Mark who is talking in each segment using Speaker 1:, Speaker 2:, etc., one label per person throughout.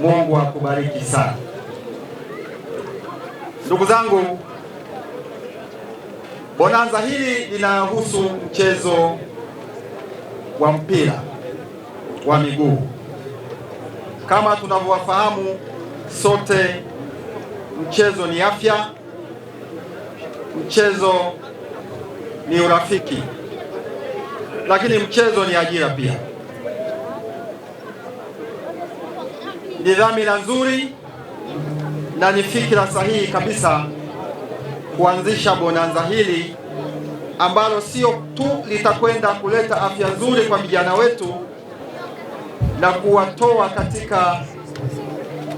Speaker 1: Mungu akubariki sana. Ndugu zangu, bonanza hili linahusu mchezo wa mpira wa miguu. Kama tunavyowafahamu sote, mchezo ni afya, mchezo ni urafiki, lakini mchezo ni ajira pia. ni dhamira nzuri na ni fikira sahihi kabisa kuanzisha bonanza hili ambalo sio tu litakwenda kuleta afya nzuri kwa vijana wetu na kuwatoa katika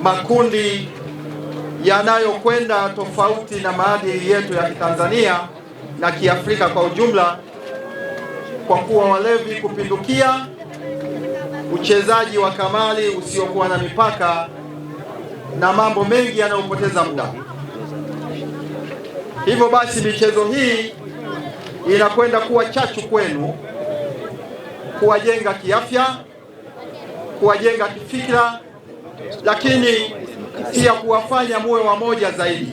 Speaker 1: makundi yanayokwenda tofauti na maadili yetu ya Kitanzania na Kiafrika kwa ujumla, kwa kuwa walevi kupindukia uchezaji wa kamali usiokuwa na mipaka na mambo mengi yanayopoteza muda. Hivyo basi, michezo hii inakwenda kuwa chachu kwenu kuwajenga kiafya, kuwajenga kifikra, lakini pia kuwafanya muwe wamoja zaidi,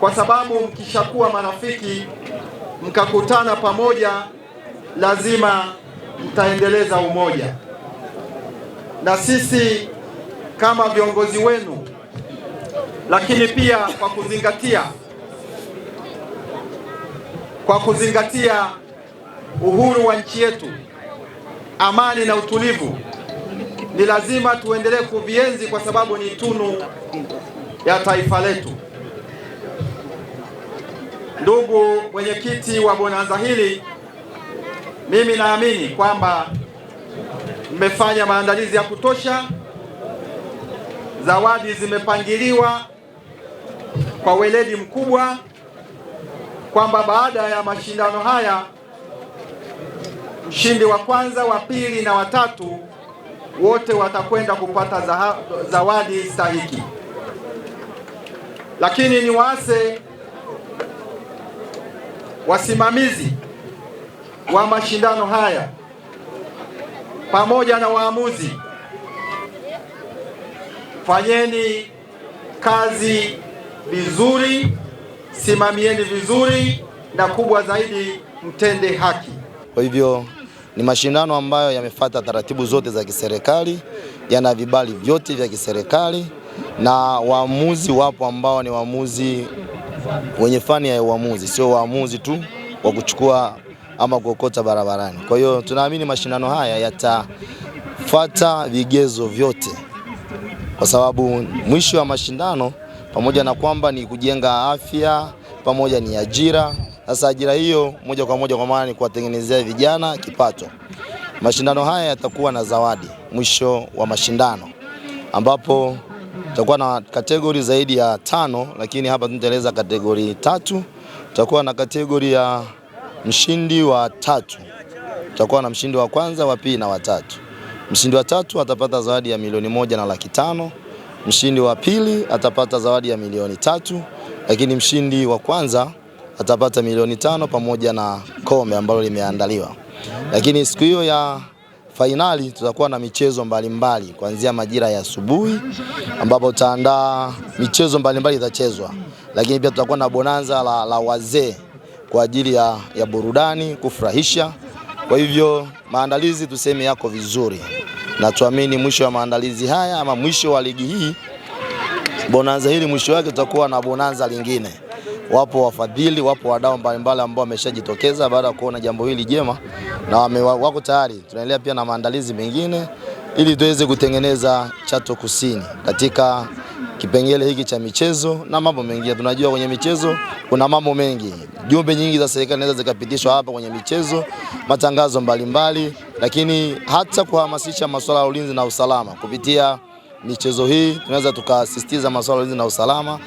Speaker 1: kwa sababu mkishakuwa marafiki mkakutana pamoja lazima mtaendeleza umoja, na sisi kama viongozi wenu, lakini pia kwa kuzingatia kwa kuzingatia uhuru wa nchi yetu, amani na utulivu, ni lazima tuendelee kuvienzi kwa sababu ni tunu ya taifa letu. Ndugu mwenyekiti wa bonanza hili mimi naamini kwamba mmefanya maandalizi ya kutosha, zawadi zimepangiliwa kwa weledi mkubwa, kwamba baada ya mashindano haya mshindi wa kwanza, wa pili na watatu wote watakwenda kupata zawadi stahiki. Lakini waase wasimamizi wa mashindano haya pamoja na waamuzi, fanyeni kazi vizuri, simamieni vizuri, na kubwa zaidi, mtende haki.
Speaker 2: Kwa hivyo ni mashindano ambayo yamefuata taratibu zote za kiserikali, yana vibali vyote vya kiserikali na waamuzi wapo ambao ni waamuzi wenye fani ya uamuzi, sio waamuzi tu wa kuchukua ama kuokota barabarani. Kwa hiyo tunaamini mashindano haya yatafuata vigezo vyote, kwa sababu mwisho wa mashindano pamoja na kwamba ni kujenga afya pamoja ni ajira. Sasa ajira hiyo moja kwa moja kwa maana ni kuwatengenezea vijana kipato. Mashindano haya yatakuwa na zawadi mwisho wa mashindano, ambapo tutakuwa na kategori zaidi ya tano, lakini hapa tunaeleza kategori tatu. Tutakuwa na kategori ya mshindi wa tatu tutakuwa na mshindi wa kwanza, wa pili na wa tatu. Mshindi wa tatu atapata zawadi ya milioni moja na laki tano. Mshindi wa pili atapata zawadi ya milioni tatu, lakini mshindi wa kwanza atapata milioni tano pamoja na kombe ambalo limeandaliwa. Lakini siku hiyo ya fainali tutakuwa na michezo mbalimbali kuanzia majira ya asubuhi, ambapo tutaandaa michezo mbalimbali itachezwa, lakini pia tutakuwa na bonanza la, la wazee kwa ajili ya, ya burudani kufurahisha. Kwa hivyo maandalizi tuseme yako vizuri, na tuamini mwisho wa maandalizi haya ama mwisho wa ligi hii bonanza hili mwisho wake tutakuwa na bonanza lingine. Wapo wafadhili, wapo wadau mbalimbali ambao wameshajitokeza baada ya kuona jambo hili jema na wame, wako tayari. Tunaendelea pia na maandalizi mengine ili tuweze kutengeneza Chato Kusini katika kipengele hiki cha michezo na mambo mengine. Tunajua kwenye michezo kuna mambo mengi, jumbe nyingi za serikali naweza zikapitishwa hapa kwenye michezo, matangazo mbalimbali mbali, lakini hata kuhamasisha masuala ya ulinzi na usalama kupitia michezo hii tunaweza tukasisitiza masuala ya ulinzi na usalama.